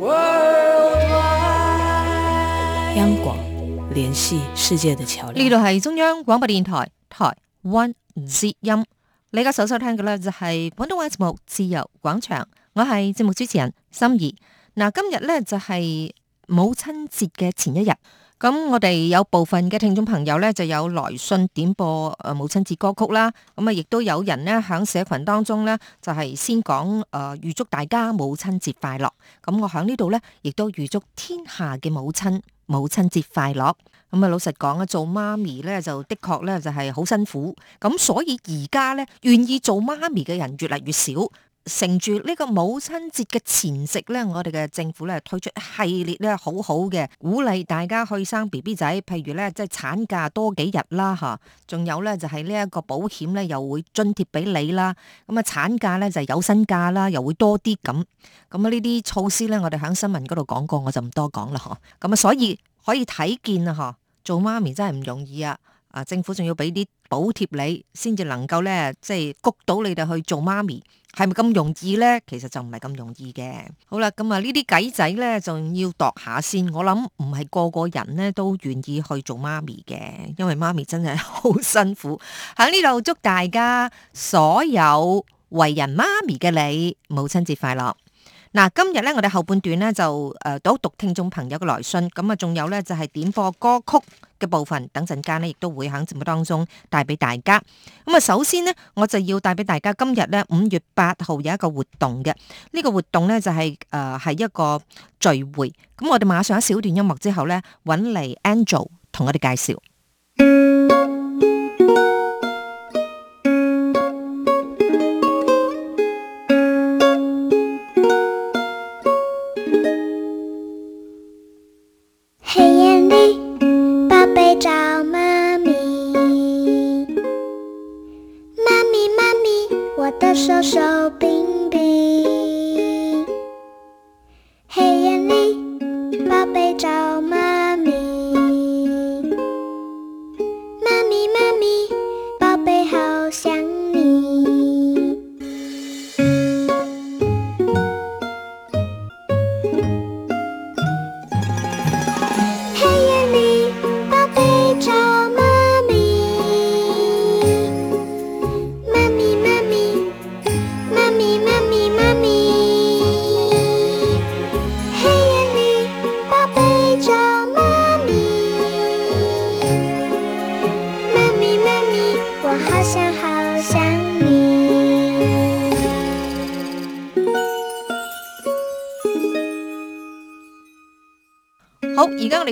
World 央廣聯繫世界的橋樑，呢度係中央廣播電台台灣之音，你而家首收聽嘅呢，就係廣東話節目《自由廣場》，我係節目主持人心怡。嗱，今日呢，就係母親節嘅前一日。咁我哋有部分嘅聽眾朋友咧，就有來信點播誒《母親節歌曲》啦。咁啊，亦都有人咧喺社群當中咧，就係、是、先講誒、呃，預祝大家母親節快樂。咁我喺呢度咧，亦都預祝天下嘅母親母親節快樂。咁啊，老實講啊，做媽咪咧，就的確咧就係好辛苦。咁所以而家咧，願意做媽咪嘅人越嚟越少。乘住呢個母親節嘅前夕咧，我哋嘅政府咧推出一系列咧好好嘅鼓勵大家去生 B B 仔，譬如咧即係產假多幾日啦吓，仲有咧就係呢一個保險咧又會津貼俾你啦。咁啊，產假咧就係有薪假啦，又會多啲咁。咁啊，呢啲措施咧，我哋喺新聞嗰度講過，我就唔多講啦。咁啊，所以可以睇見啊，嗬，做媽咪真係唔容易啊！啊，政府仲要俾啲補貼你，先至能夠咧即係谷到你哋去做媽咪。係咪咁容易呢？其實就唔係咁容易嘅。好啦，咁啊呢啲計仔呢，仲要度下先。我諗唔係個個人呢都願意去做媽咪嘅，因為媽咪真係好辛苦。喺呢度祝大家所有為人媽咪嘅你，母親節快樂。嗱，今日咧，我哋後半段咧就誒都讀聽眾朋友嘅來信，咁啊，仲有咧就係點播歌曲嘅部分，等陣間呢，亦都會喺節目當中帶俾大家。咁啊，首先呢，我就要帶俾大家，今日咧五月八號有一個活動嘅，呢個活動咧就係誒係一個聚會。咁我哋馬上一小段音樂之後咧，搵嚟 Angel 同我哋介紹。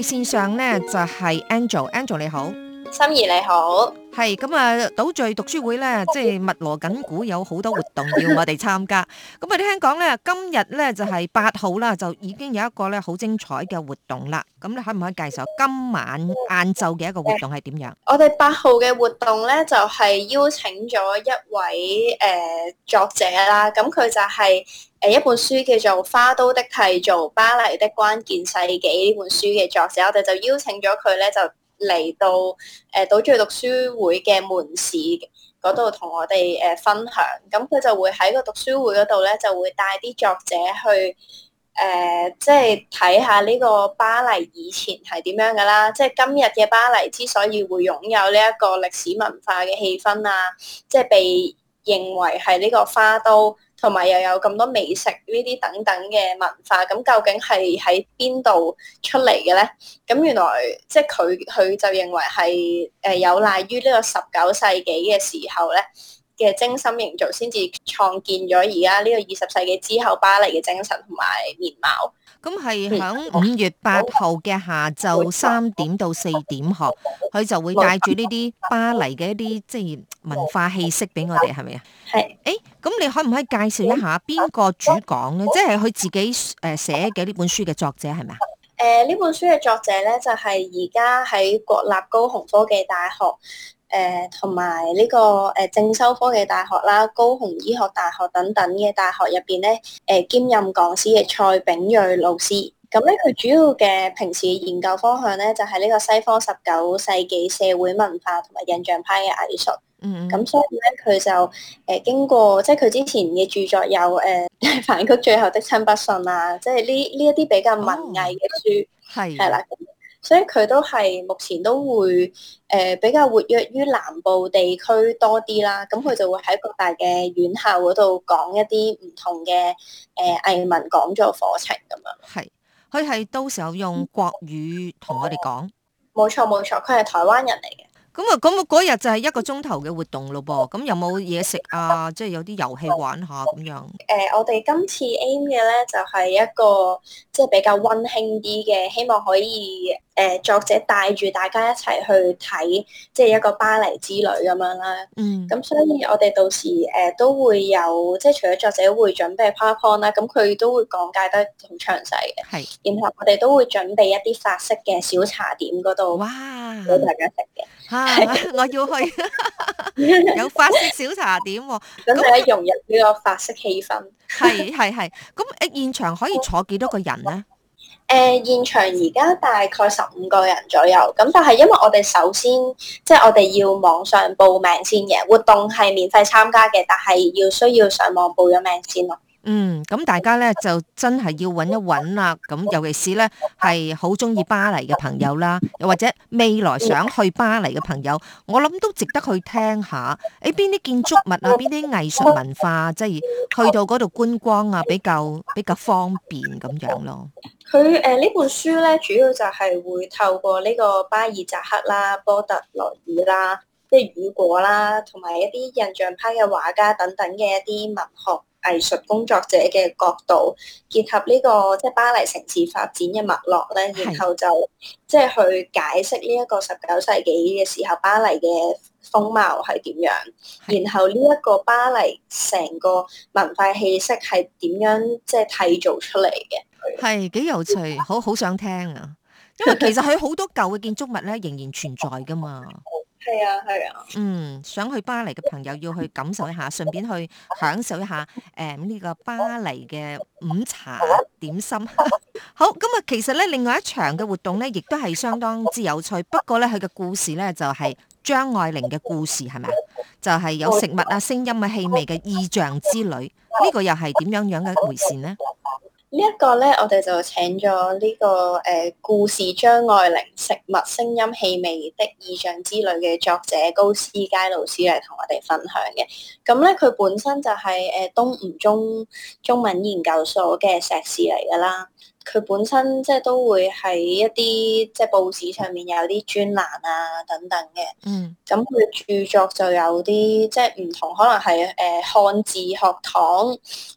線上咧就係、是、Angel，Angel 你好，心怡你好，係咁啊！賭、嗯、聚讀書會咧，即係密鑼緊鼓有好多活動要我哋參加。咁啊， 聽講咧今日咧就係八號啦，就已經有一個咧好精彩嘅活動啦。咁你可唔可以介紹今晚晏晝嘅一個活動係點樣？我哋八號嘅活動咧就係、是、邀請咗一位誒、呃、作者啦，咁佢就係、是。誒一本書叫做《花都的締造：巴黎的關鍵世紀》呢本書嘅作者，我哋就邀請咗佢咧，就嚟到誒到、呃、住讀書會嘅門市嗰度同我哋誒、呃、分享。咁佢就會喺個讀書會嗰度咧，就會帶啲作者去誒，即係睇下呢個巴黎以前係點樣噶啦。即、就、係、是、今日嘅巴黎之所以會擁有呢一個歷史文化嘅氣氛啊，即、就、係、是、被認為係呢個花都。同埋又有咁多美食呢啲等等嘅文化，咁究竟係喺邊度出嚟嘅呢？咁原來即係佢佢就認為係誒有賴於呢個十九世紀嘅時候咧，嘅精心營造，先至創建咗而家呢個二十世紀之後巴黎嘅精神同埋面貌。咁係喺五月八號嘅下晝三點到四點學，嗬，佢就會帶住呢啲巴黎嘅一啲即係文化氣息俾我哋，係咪啊？係是。誒、欸，咁你可唔可以介紹一下邊個主講咧？即係佢自己誒寫嘅呢本書嘅作者係咪啊？誒，呢、呃、本書嘅作者咧就係而家喺國立高雄科技大學。誒，同埋呢個誒，正、呃、修科技大學啦、高雄醫學大學等等嘅大學入邊咧，誒、呃、兼任講師嘅蔡秉叡老師，咁咧佢主要嘅平時研究方向咧，就係呢個西方十九世紀社會文化同埋印象派嘅藝術。嗯，咁、嗯、所以咧，佢就誒、呃、經過，即係佢之前嘅著作有誒《梵、呃、谷最後的親筆信》啊，即係呢呢一啲比較文藝嘅書係啦。哦所以佢都係目前都會誒比較活躍於南部地區多啲啦，咁佢就會喺各大嘅院校嗰度講一啲唔同嘅誒藝文講座課程咁樣。係，佢係到時候用國語同我哋講。冇錯冇錯，佢係台灣人嚟嘅。咁啊，咁嗰日就係一個鐘頭嘅活動咯噃，咁有冇嘢食啊？即係有啲遊戲玩下咁樣。誒、呃，我哋今次 aim 嘅咧就係、是、一個即係、就是、比較溫馨啲嘅，希望可以誒、呃、作者帶住大家一齊去睇即係一個巴黎之旅咁樣啦。嗯。咁所以，我哋到時誒、呃、都會有，即、就、係、是、除咗作者會準備 powerpoint 啦，咁佢都會講解得好詳細嘅。係是。然後我哋都會準備一啲法式嘅小茶點嗰度，哇！俾大家食嘅。啊！ 我要去 有法式小茶點，啊，咁喺融入呢個法式氣氛。係係係，咁誒現場可以坐幾多個人咧？誒、呃，現場而家大概十五個人左右，咁但係因為我哋首先即係、就是、我哋要網上報名先嘅，活動係免費參加嘅，但係要需要上網報咗名先咯。嗯，咁大家咧就真係要揾一揾啦。咁尤其是咧，係好鍾意巴黎嘅朋友啦，又或者未來想去巴黎嘅朋友，我諗都值得去聽下。喺邊啲建築物啊，邊啲藝術文化啊，即係去到嗰度觀光啊，比較比較方便咁樣咯。佢誒呢本書咧，主要就係會透過呢個巴爾札克啦、波特萊爾啦、即係雨果啦，同埋一啲印象派嘅畫家等等嘅一啲文學。藝術工作者嘅角度，結合呢個即係巴黎城市發展嘅脈絡咧，是然後就即係去解釋呢一個十九世紀嘅時候巴黎嘅風貌係點樣，是然後呢一個巴黎成個文化氣息係點樣即係締造出嚟嘅。係幾有趣， 好好想聽啊！因為其實佢好多舊嘅建築物咧，仍然存在噶嘛。係啊，係啊。嗯，想去巴黎嘅朋友要去感受一下，順便去享受一下，誒、嗯、呢、這個巴黎嘅午茶點心。 好，咁啊，其實咧，另外一場嘅活動咧，亦都係相當之有趣。不過咧，佢嘅故事咧就係、是、張愛玲嘅故事，係咪啊？就係、是、有食物啊、聲音啊、氣味嘅意象之旅。呢、這個又係點樣樣嘅回事呢？呢一個咧，我哋就請咗呢、這個誒、呃、故事張愛玲食物聲音氣味的意象之旅嘅作者高詩佳老師嚟同我哋分享嘅。咁咧，佢本身就係、是、誒、呃、東吳中中文研究所嘅碩士嚟噶啦。佢本身即係都會喺一啲即係報紙上面有啲專欄啊等等嘅。嗯。咁佢著作就有啲即係唔同，可能係誒漢字學堂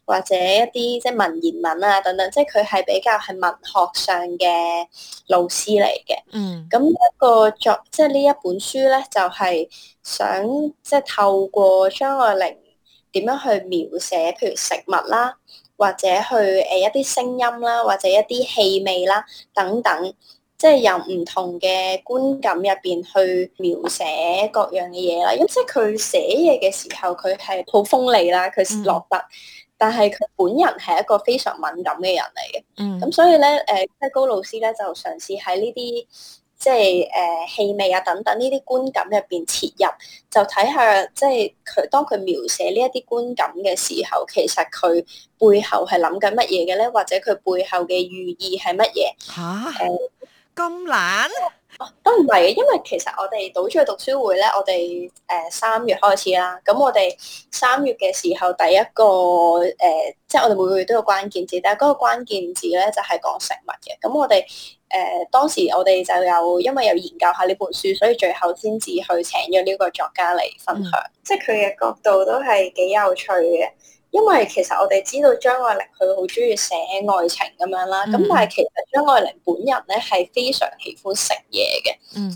或者一啲即係文言文啊等等，即係佢係比較係文學上嘅老師嚟嘅。嗯。咁一個作即係呢一本書咧，就係想即係透過張愛玲點樣去描寫，譬如食物啦。或者去誒一啲聲音啦，或者一啲氣味啦，等等，即係由唔同嘅觀感入邊去描寫各樣嘅嘢啦。咁即係佢寫嘢嘅時候，佢係好鋒利啦，佢落筆，嗯、但係佢本人係一個非常敏感嘅人嚟嘅。嗯，咁所以咧，誒、呃，即係高老師咧就嘗試喺呢啲。即係誒，呃，氣味啊，等等呢啲觀感入邊切入，就睇下即係佢當佢描寫呢一啲觀感嘅時候，其實佢背後係諗緊乜嘢嘅咧？或者佢背後嘅寓意係乜嘢？吓、啊？咁難、呃？哦，都唔係，因為其實我哋倒咗去讀書會咧，我哋誒三月開始啦，咁我哋三月嘅時候第一個誒、呃，即係我哋每個月都有關鍵字，但係嗰個關鍵字咧就係、是、講食物嘅，咁我哋誒、呃、當時我哋就有因為有研究下呢本書，所以最後先至去請咗呢個作家嚟分享，嗯、即係佢嘅角度都係幾有趣嘅。因為其實我哋知道張愛玲佢好中意寫愛情咁樣啦，咁、mm hmm. 但係其實張愛玲本人咧係非常喜歡食嘢嘅。嗯、mm，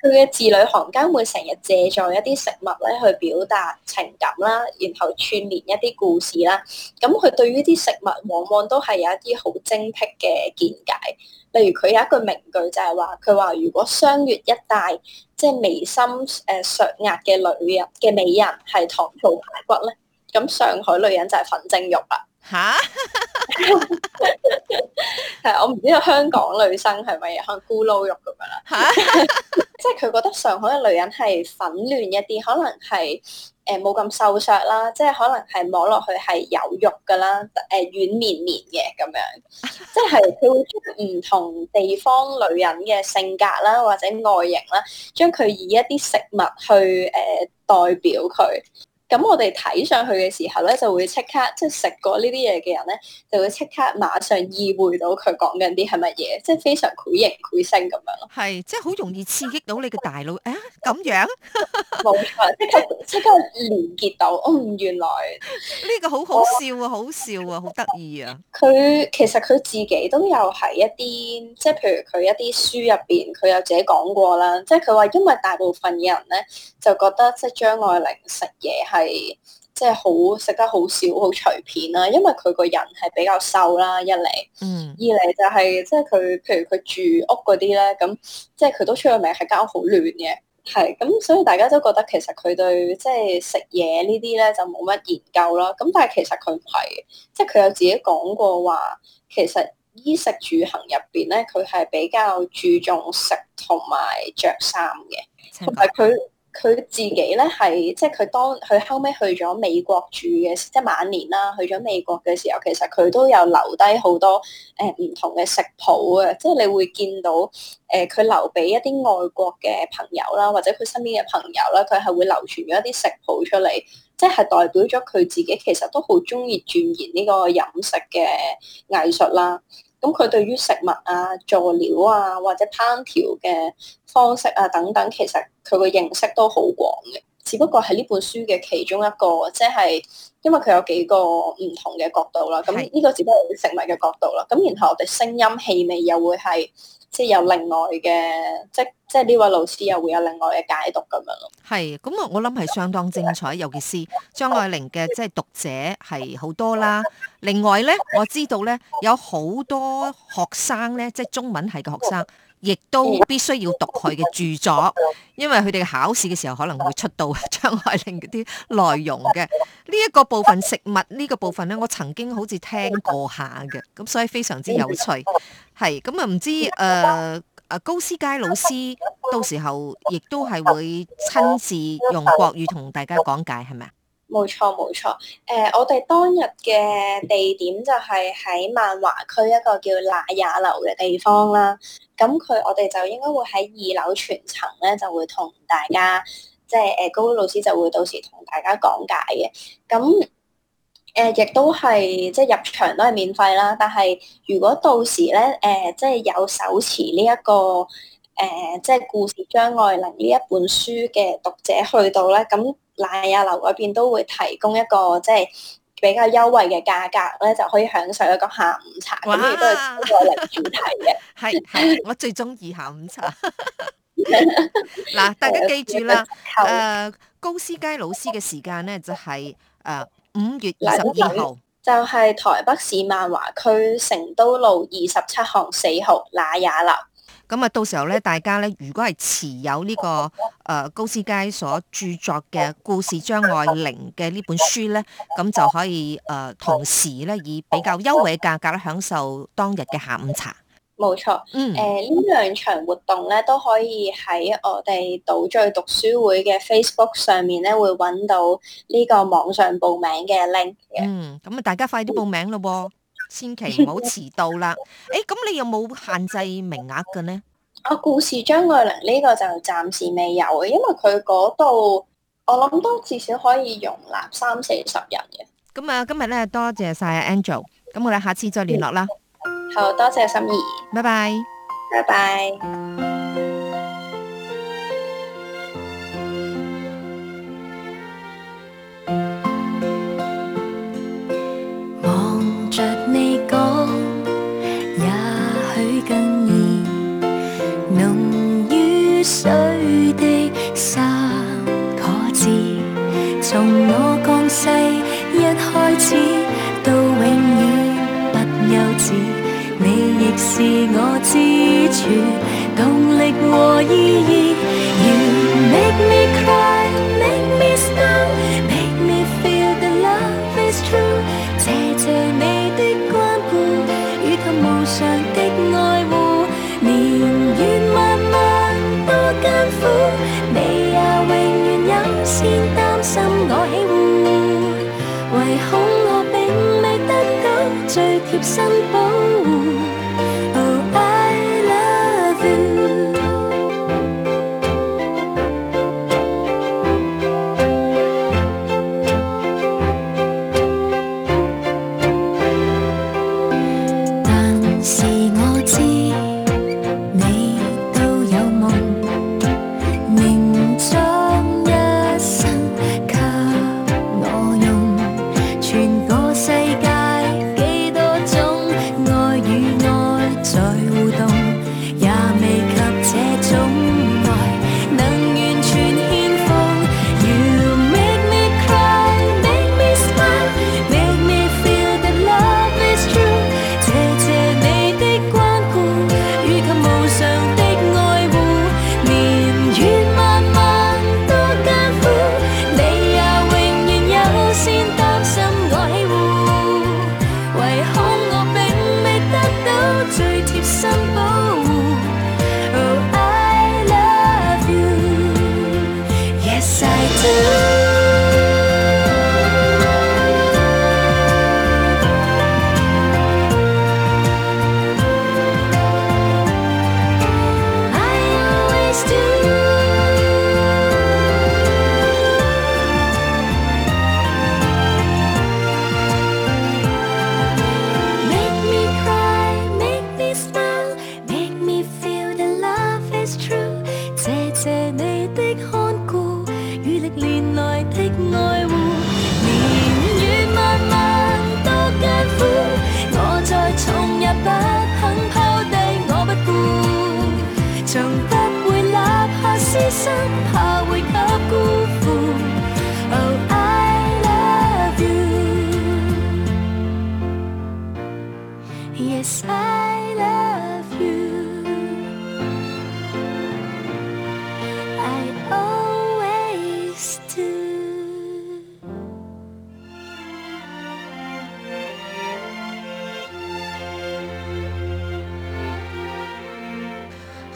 佢嘅字裏行間會成日借助一啲食物咧去表達情感啦，然後串聯一啲故事啦。咁、嗯、佢對於啲食物往往都係有一啲好精闢嘅見解。例如佢有一句名句就係話：佢話如果湘粵一帶即係眉心誒削牙嘅女人嘅美人係糖醋排骨咧。咁上海女人就係粉蒸肉啦，嚇哈！係 我唔知道香港女生係咪可能咕嚕肉咁樣啦，嚇！ 即係佢覺得上海嘅女人係粉嫩一啲，可能係誒冇咁瘦削啦，即係可能係摸落去係有肉㗎啦，誒、呃、軟綿綿嘅咁樣，即係佢會將唔同地方女人嘅性格啦，或者外形啦，將佢以一啲食物去誒、呃、代表佢。咁我哋睇上去嘅時候咧，就會即刻即係食過呢啲嘢嘅人咧，就會即刻馬上意會到佢講緊啲係乜嘢，即係非常繪形繪聲咁樣咯。係，即係好容易刺激到你嘅大腦。誒、 欸，咁樣冇錯，即 刻即係連結到。嗯、哦，原來呢個好好笑啊，我好笑啊，好得意啊。佢 其實佢自己都有喺一啲，即係譬如佢一啲書入邊，佢有自己講過啦。即係佢話，因為大部分嘅人咧，就覺得即係張愛玲食嘢係。係即係好食得好少好隨便啦，因為佢個人係比較瘦啦，一嚟，嗯、二嚟就係即係佢，譬如佢住屋嗰啲咧，咁即係佢都出咗名係間屋好亂嘅，係咁，所以大家都覺得其實佢對即係、就是、食嘢呢啲咧就冇乜研究啦。咁但係其實佢唔係，即係佢有自己講過話，其實衣食住行入邊咧，佢係比較注重食同埋着衫嘅，同埋佢。佢自己咧係即係佢當佢後尾去咗美國住嘅，即係晚年啦，去咗美國嘅時候，其實佢都有留低好多誒唔、呃、同嘅食譜啊。即係你會見到誒，佢、呃、留俾一啲外國嘅朋友啦，或者佢身邊嘅朋友啦，佢係會流傳咗一啲食譜出嚟，即係代表咗佢自己其實都好中意鑽研呢個飲食嘅藝術啦。咁佢對於食物啊、佐料啊，或者烹調嘅方式啊等等，其實佢個認識都好廣嘅。只不過係呢本書嘅其中一個，即係因為佢有幾個唔同嘅角度啦。咁呢個只不過係食物嘅角度啦。咁然後我哋聲音、氣味又會係即係有另外嘅，即係即係呢位老師又會有另外嘅解讀咁樣咯。係，咁啊，我諗係相當精彩，尤其是張愛玲嘅，即係讀者係好多啦。另外咧，我知道咧有好多學生咧，即係中文系嘅學生。亦都必須要讀佢嘅著作，因為佢哋考試嘅時候可能會出到張愛玲嗰啲內容嘅呢一個部分，食物呢、呢個部分咧，我曾經好似聽過下嘅，咁所以非常之有趣，係咁啊，唔知誒誒、呃、高詩佳老師到時候亦都係會親自用國語同大家講解係咪啊？冇錯冇錯，誒、呃，我哋當日嘅地點就係喺萬華區一個叫賴雅樓嘅地方啦。咁佢我哋就應該會喺二樓全層咧，就會同大家，即係誒高老師就會到時同大家講解嘅。咁誒、呃，亦都係即係入場都係免費啦。但係如果到時咧，誒、呃，即係有手持呢、這、一個誒、呃，即係故事張愛玲呢一本書嘅讀者去到咧，咁。那也樓嗰邊都會提供一個即係比較優惠嘅價格咧，就可以享受一個下午茶，哇我哋都係一個嚟主題嘅。係係，我最中意下午茶。嗱，大家記住啦，誒， 高詩佳老師嘅時間咧就係誒五月二十二號， 就係台北市萬華區成都路二十七號四號那也樓。咁啊，到時候咧，大家咧，如果係持有呢、這個誒、呃、高詩佳所著作嘅故事張愛玲嘅呢本書咧，咁就可以誒、呃、同時咧，以比較優惠嘅價格咧，享受當日嘅下午茶。冇錯錯，嗯，誒呢、呃、兩場活動咧，都可以喺我哋倒聚讀書會嘅 Facebook 上面咧，會揾到呢個網上報名嘅 link 嘅。嗯，咁啊，大家快啲報名咯。 千祈唔好遲到啦！誒、哎，咁你有冇限制名額嘅呢？啊，故事張愛玲呢、這個就暫時未有，因為佢嗰度我諗都至少可以容納三四十人嘅。咁啊、嗯，今日咧多謝晒阿 Angel，咁我哋下次再聯絡啦。 好，多謝心 a 拜拜，拜拜 bye。Bye bye 三個字，從我降世一開始，到永遠不休止。你亦是我支柱，動力和意義。You make me。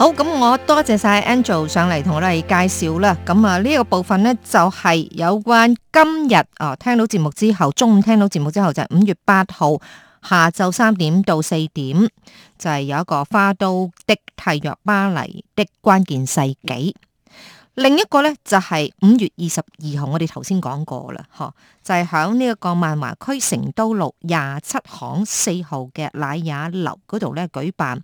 好，咁我多謝晒 Angel 上嚟同我哋介紹啦。咁啊，呢、這個部分呢，就係、是、有關今日哦，聽到節目之後，中午聽到節目之後就係五月八號下晝三點到四點，就係、是、有一個花都的締造巴黎的關鍵世紀。另一個咧，就係五月二十二號，我哋頭先講過啦，嗬，就係響呢一個萬華區成都路廿七巷四號嘅乃雅樓嗰度咧舉辦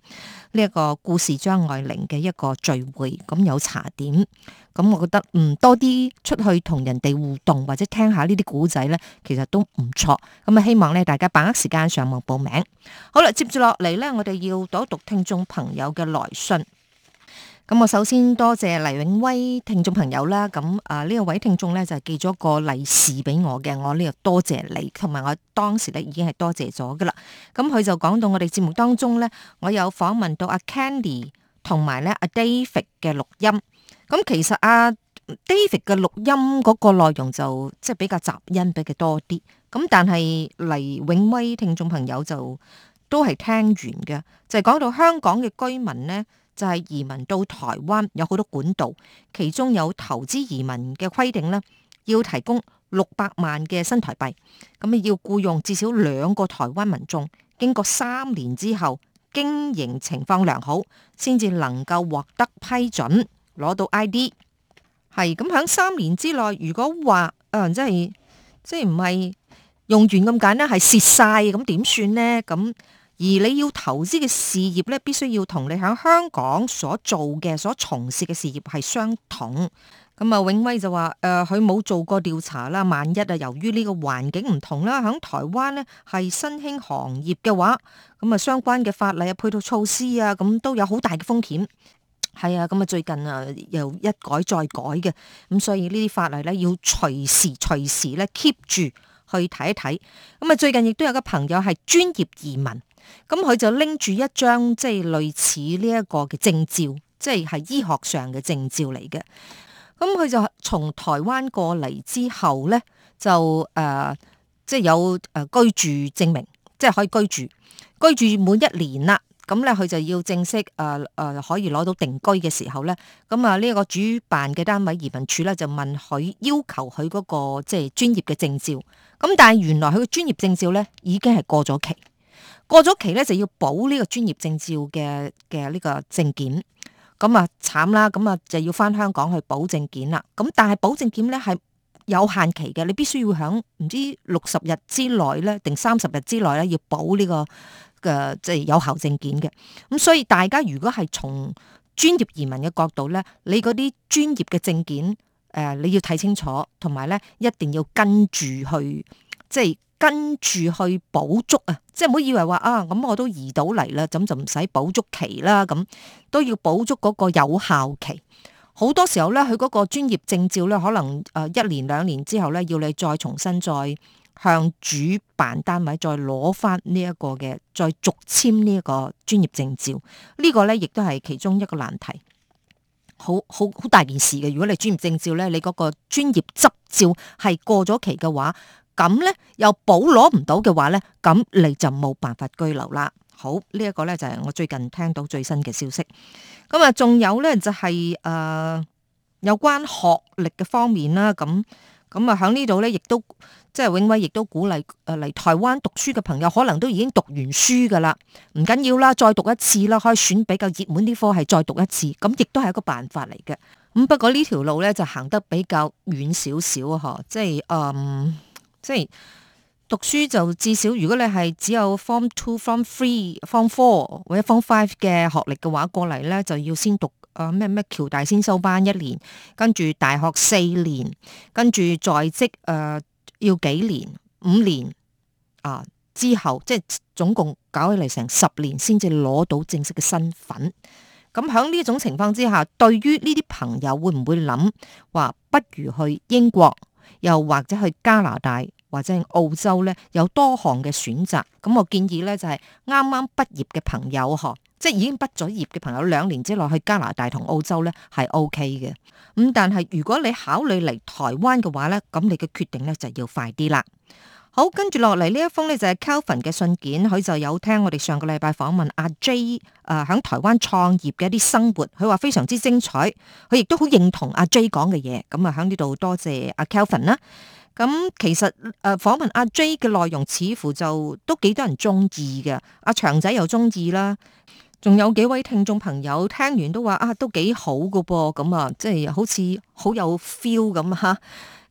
呢一個故事張愛玲嘅一個聚會，咁、嗯、有茶點，咁我覺得唔多啲出去同人哋互動或者聽下故呢啲古仔咧，其實都唔錯，咁、嗯、啊希望咧大家把握時間上網報名。好啦，接住落嚟咧，我哋要讀一讀聽眾朋友嘅來信。咁我首先多謝，謝黎永威聽眾朋友啦，咁啊呢位聽眾咧就是、寄咗個利是俾我嘅，我呢度多謝你，同埋我當時咧已經係多謝咗嘅啦。咁佢就講到我哋節目當中咧，我有訪問到阿 Candy 同埋咧阿 David 嘅錄音。咁其實阿、啊、David 嘅錄音嗰個內容就即係、就是、比較雜音比較多啲，咁但係黎永威聽眾朋友就都係聽完嘅，就係、是、講到香港嘅居民咧。就係移民到台灣有好多管道，其中有投資移民嘅規定呢，要提供六百萬嘅新台幣，咁啊要僱用至少兩個台灣民眾，經過三年之後，經營情況良好，先至能夠獲得批准攞到 ID。係咁喺三年之內，如果話誒、呃、即係即係唔係用完咁簡單，係蝕晒。咁點算呢？咁而你要投資嘅事業咧，必須要同你喺香港所做嘅、所從事嘅事業係相同。咁、嗯、啊，永威就話：誒、呃，佢冇做過調查啦。萬一啊，由於呢個環境唔同啦，喺台灣呢係新興行業嘅話，咁、嗯、啊相關嘅法例啊、配套措施啊，咁、嗯、都有好大嘅風險。係、嗯、啊，咁、嗯、啊最近啊又一改再改嘅咁、嗯，所以呢啲法例咧要隨時隨時咧 keep 住去睇一睇。咁、嗯、啊最近亦都有個朋友係專業移民。咁佢就拎住一張即係類似呢一個嘅證照，即係係醫學上嘅證照嚟嘅。咁佢就從台灣過嚟之後咧，就誒、呃、即係有誒居住證明，即係可以居住居住每一年啦。咁咧佢就要正式誒誒、呃呃、可以攞到定居嘅時候咧，咁啊呢個主辦嘅單位移民署咧就問佢要求佢嗰個即係專業嘅證照。咁但係原來佢嘅專業證照咧已經係過咗期。過咗期咧就要補呢個專業證照嘅嘅呢個證件，咁啊慘啦，咁啊就要返香港去補證件啦。咁但係補證件咧係有限期嘅，你必須要響唔知六十日之內咧定三十日之內咧要補呢、這個嘅即係有效證件嘅。咁所以大家如果係從專業移民嘅角度咧，你嗰啲專業嘅證件誒、呃，你要睇清楚，同埋咧一定要跟住去即係。跟住去補足啊！即係唔好以為話啊咁我都移到嚟啦，咁就唔使補足期啦。咁都要補足嗰個有效期。好多時候咧，佢嗰個專業證照咧，可能誒一年兩年之後咧，要你再重新再向主辦單位再攞翻呢一個嘅，再續簽呢一個專業證照。呢個咧亦都係其中一個難題，好好好大件事嘅。如果你專業證照咧，你嗰個專業執照係過咗期嘅話，咁咧又補攞唔到嘅話咧，咁你就冇辦法居留啦。好呢一、這個咧就係我最近聽到最新嘅消息。咁啊，仲有咧就係、是、誒、呃、有關學歷嘅方面啦。咁咁啊，喺呢度咧亦都即係、就是、永威亦都鼓勵誒嚟台灣讀書嘅朋友，可能都已經讀完書噶啦，唔緊要啦，再讀一次啦，可以選比較熱門啲科系再讀一次，咁亦都係一個辦法嚟嘅。咁不過條呢條路咧就行得比較遠少少嗬，即係嗯。呃即係讀書就至少，如果你係只有 form two、form three、form four 或者 form five 嘅學歷嘅話，過嚟咧就要先讀誒咩咩橋大先修班一年，跟住大學四年，跟住在職誒、呃、要幾年五年啊之後，即係總共搞起嚟成十年，先至攞到正式嘅身份。咁喺呢種情況之下，對於呢啲朋友會唔會諗話不如去英國？又或者去加拿大或者係澳洲呢，有多項嘅選擇。咁我建議呢就係啱啱畢業嘅朋友，嗬，即係已經畢咗業嘅朋友，兩年之內去加拿大同澳洲呢係 OK 嘅。咁但係如果你考慮嚟台灣嘅話呢，咁你嘅決定呢就要快啲啦。好，跟住落嚟呢一封咧就係、是、Kelvin 嘅信件，佢就有聽我哋上個禮拜訪問阿 J 誒喺、呃、台灣創業嘅一啲生活，佢話非常之精彩，佢亦都好認同阿 J 講嘅嘢。咁啊喺呢度多謝阿 Kelvin 啦。咁、嗯、其實誒訪、呃、問阿 J 嘅內容似乎就都幾多人中意嘅，阿祥仔又中意啦，仲有幾位聽眾朋友聽完都話啊都幾好嘅噃，咁啊即係好似好有 feel 咁吓。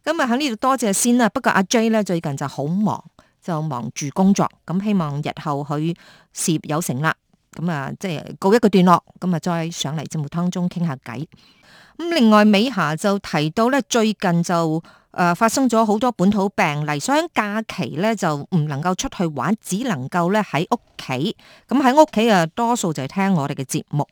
咁啊喺呢度多謝先啦，不過阿 J 咧，最近就好忙，就忙住工作，咁希望日後佢事業有成啦。咁啊，即係告一個段落，咁啊再上嚟節目當中傾下偈。咁另外美霞就提到咧，最近就誒發生咗好多本土病例，所以假期咧就唔能夠出去玩，只能夠咧喺屋企。咁喺屋企啊，多數就係聽我哋嘅節目。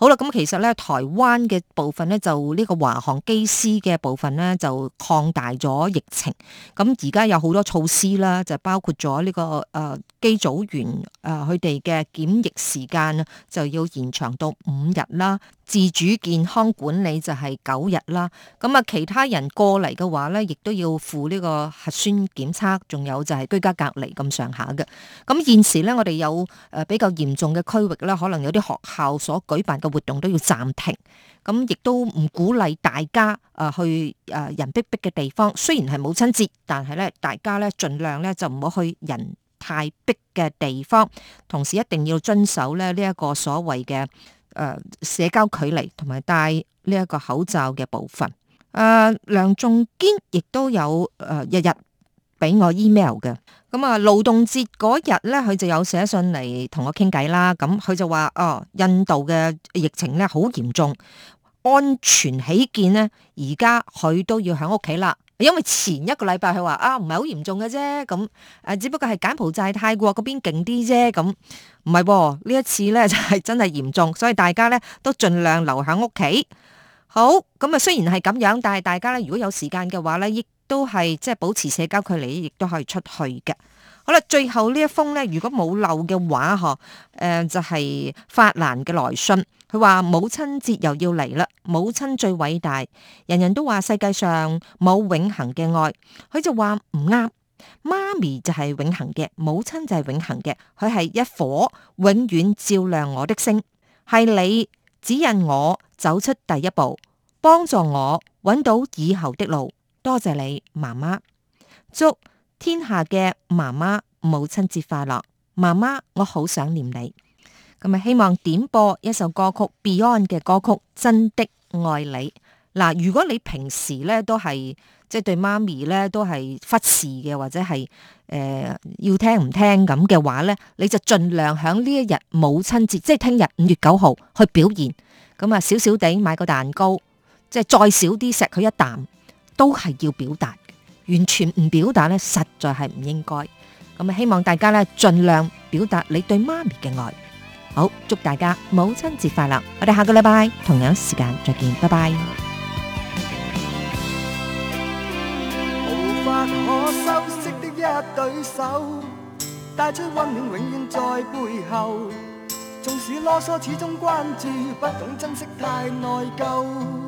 好啦，咁其實咧，台灣嘅部分咧，就呢個華航機師嘅部分咧，就擴大咗疫情。咁而家有好多措施啦，就包括咗呢個誒機組員誒佢哋嘅檢疫時間啊就要延長到五日啦，自主健康管理就係九日啦。咁啊，其他人過嚟嘅話咧，亦都要付呢個核酸檢測，仲有就係居家隔離咁上下嘅。咁現時咧，我哋有誒比較嚴重嘅區域啦，可能有啲學校所舉辦嘅。活動都要暫停，咁亦都唔鼓勵大家誒去誒人逼逼嘅地方。雖然係母親節，但係咧大家咧盡量咧就唔好去人太逼嘅地方，同時一定要遵守咧呢一個所謂嘅誒社交距離，同埋戴呢一個口罩嘅部分。誒，梁仲堅亦都有誒日日，俾我 email 嘅，咁啊勞動節嗰日咧，佢就有寫信嚟同我傾偈啦。咁佢就話哦，印度嘅疫情咧好嚴重，安全起見呢，而家佢都要喺屋企啦。因為前一個禮拜佢話啊，唔係好嚴重嘅啫，咁誒只不過係柬埔寨、泰國嗰邊勁啲啫，咁唔係，呢一次咧就係真係嚴重，所以大家咧都盡量留喺屋企。好，咁啊雖然係咁樣，但係大家咧如果有時間嘅話咧，都係即係保持社交距離，亦都可以出去嘅。好啦，最後呢一封呢，如果冇漏嘅話，嗬，誒，就係、是、法蘭嘅來信。佢話母親節又要嚟啦，母親最偉大，人人都話世界上冇永恒嘅愛，佢就話唔啱，媽咪就係永恒嘅，母親就係永恒嘅，佢係一顆永遠照亮我的星，係你指引我走出第一步，幫助我揾到以後的路。多謝你，媽媽。祝天下嘅媽媽母親節快樂。媽媽，我好想念你。咁啊，希望點播一首歌曲 Beyond 嘅歌曲《真的愛你》嗱。如果你平時咧都係即係對媽咪咧都係忽視嘅，或者係誒、呃、要聽唔聽咁嘅話咧，你就盡量喺呢一日母親節，即係聽日五月九號去表現咁啊，少少地買個蛋糕，即係再少啲食佢一啖。都係要表達，完全唔表達呢，實在係唔應該。咁啊，希望大家呢盡量表達你對媽咪嘅愛。好，祝大家母親節快樂！我哋下個禮拜同樣時間再見，拜拜。無法可修飾的一對手，帶出温暖永遠在背後。縱使囉嗦始終關注，不懂珍惜太內疚。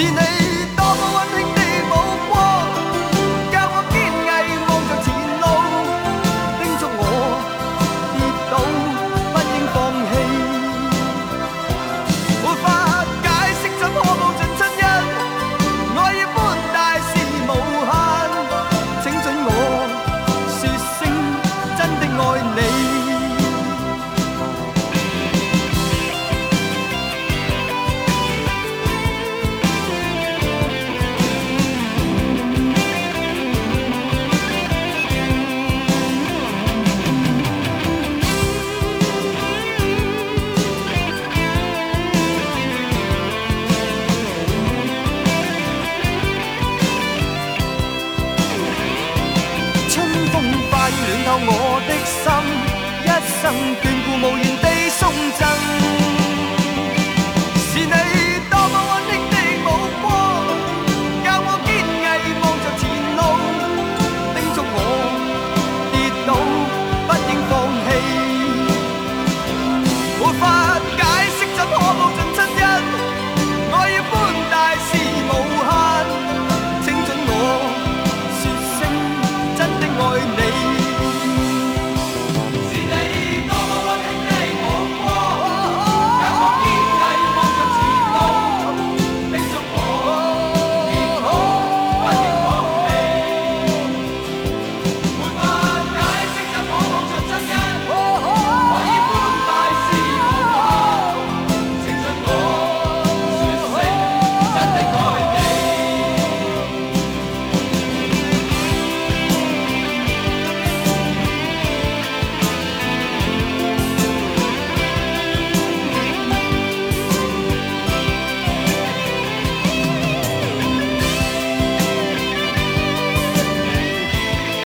是你多麼溫馨的目光。